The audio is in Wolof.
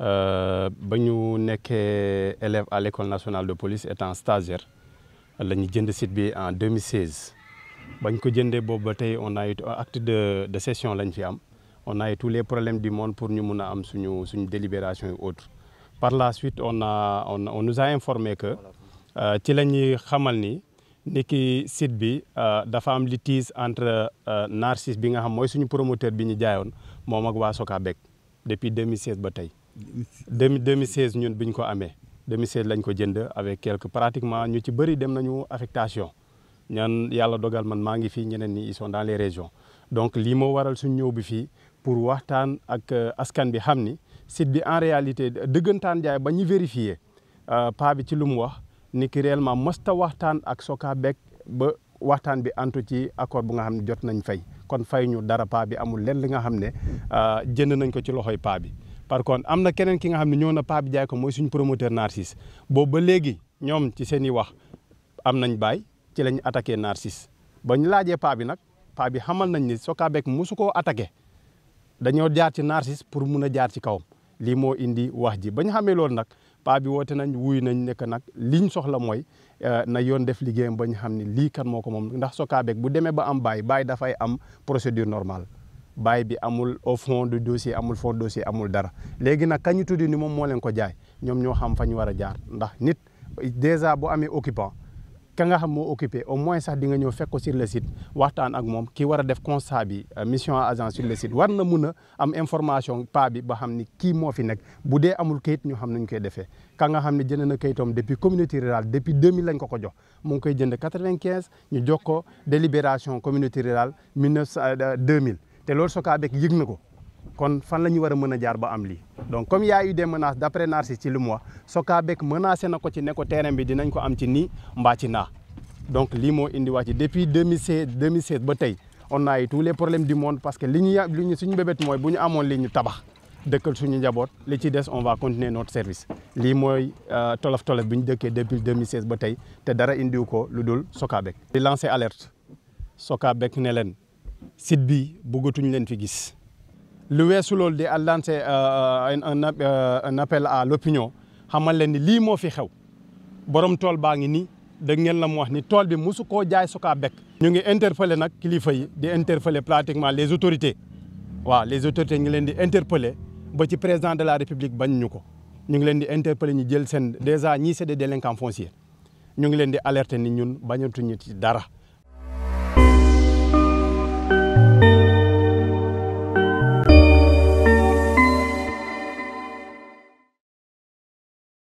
Euh, ba ñu nekkee élève à l' école nationale de police étant stagiaire la ñu jënd sit bi en 2016 bañ ko jëndee boobu ba tey on a eu acte de de session lañ fi am on a eu tous les problèmes du monde pour ñu mun a am suñu suñu délibération et autres par la suite on a on on nous a informé que euh, ci la ñuy xamal ni ni ki site bi euh, dafa am litige entre Narcisse bi nga xam mooy suñu promoteur bi ñu jaayoon moom ak waa Socabek depuis 2016 ba tey. 2016 ñun bi ñu ko amee 2016 lañ ko jënd avec quelque pratiquement ñu ci bëri dem nañu affectation ñaan yàlla dogal man maa ngi fii ñeneen ni ils sont dans les donc lii moo waral suñu ñëw bi fii pour waxtaan ak euh, askan bi xam ni site bi en réalité dëggantaan jaay ba ñu vérifier euh, paa bi ci lu mu wax ni ki réellement mësta waxtaan ak soka beeg ba waxtaan bi antu ci accord bu nga xam ne jot nañ fay kon fay dara paa bi amul lenn li nga xam ne euh, jënd nañ ko ci loxoy paa bi par contre am na keneen ki nga xam ne ñëw na Paa bi jaay ko mooy suñu promoteur Narcisse boobu ba léegi ñoom ci seen i wax am nañ baay ci lañ attaqué Narcisse ba ñu laajee Paa bi nag Paa bi xamal nañ ni Sokabek mosu koo attaqué dañoo jaar ci Narcisse pour mun a jaar ci kawam lii moo indi wax ji bañ xamee loolu nag Paa bi woote nañ wuy nañ nekk nag liiñ soxla mooy euh, na yoon def liggéeyam ba ñu xam ni lii kan moo ko moom ndax Sokabek bu demee ba am baay baay dafay am procédure normale. bail bi amul au fond du dossier amul fond de dossier amul dara léegi nag kañu tudd ni moom moo leen ko jaay ñoom ñoo xam fa ñu war a jaar ndax nit déjà boo amee occupant ka nga xam moo occupé au moins sax di nga ñëw fekk ko sur le site waxtaan ak moom ki war a def constat bi euh, mission agent sur le site war na mun a am information pas bi ba xam ni kii moo fi nekk bu dee amul kayit ñoo xam ne nañu koy defee ka nga xam ne jënd na kayitam depuis communauté rurale depuis 2000 lañ ko ko jox mu ngi koy jënd 95 ñu jox ko délibération communauté rurale 19 2000 te loolu Socabek yëg na ko kon fan la ñu war a mën jaar ba am lii donc comme yaa a eu des menaces d'après Narcisse ci li mu wax Socabek menacé na ko ci ne ko terrain bi dinañ ko am ci nii mbaa ci naa donc lii moo indi wax ci depuis 2016 2016 ba tey on a eu tous les problèmes du monde parce que li ñu li ñu suñu bébét mooy bu ñu amoon li ñu tabax dëkkal suñu njaboot li ci des on va continuer notre service lii mooy euh, tolof tolof bi ñu dëkkee depuis 2016 ba tey te dara indiwu ko lu dul Socabek di lancer alerte Socabek ne leen sit bi bëggatuñ leen fi gis lu weesu loolu di lancer euh, euh, euh, un appel à l'opinion xamal leen ni lii moo fi xew borom tool baa ngi nii dégg ngeen la mu wax ni tool bi mosu koo jaay su kaa bekk ñu ngi interpellé nag kilifa yi di interpellé pratiquement les autorités waaw les autorités ñu ngi leen di interpellé ba ci président de la république bañ ñu ko ñu ngi leen di interpellé ñu jël seen déjà ñii de des délinquants fonciers ñu ngi leen di alerter ni ñun bañatuñu ci dara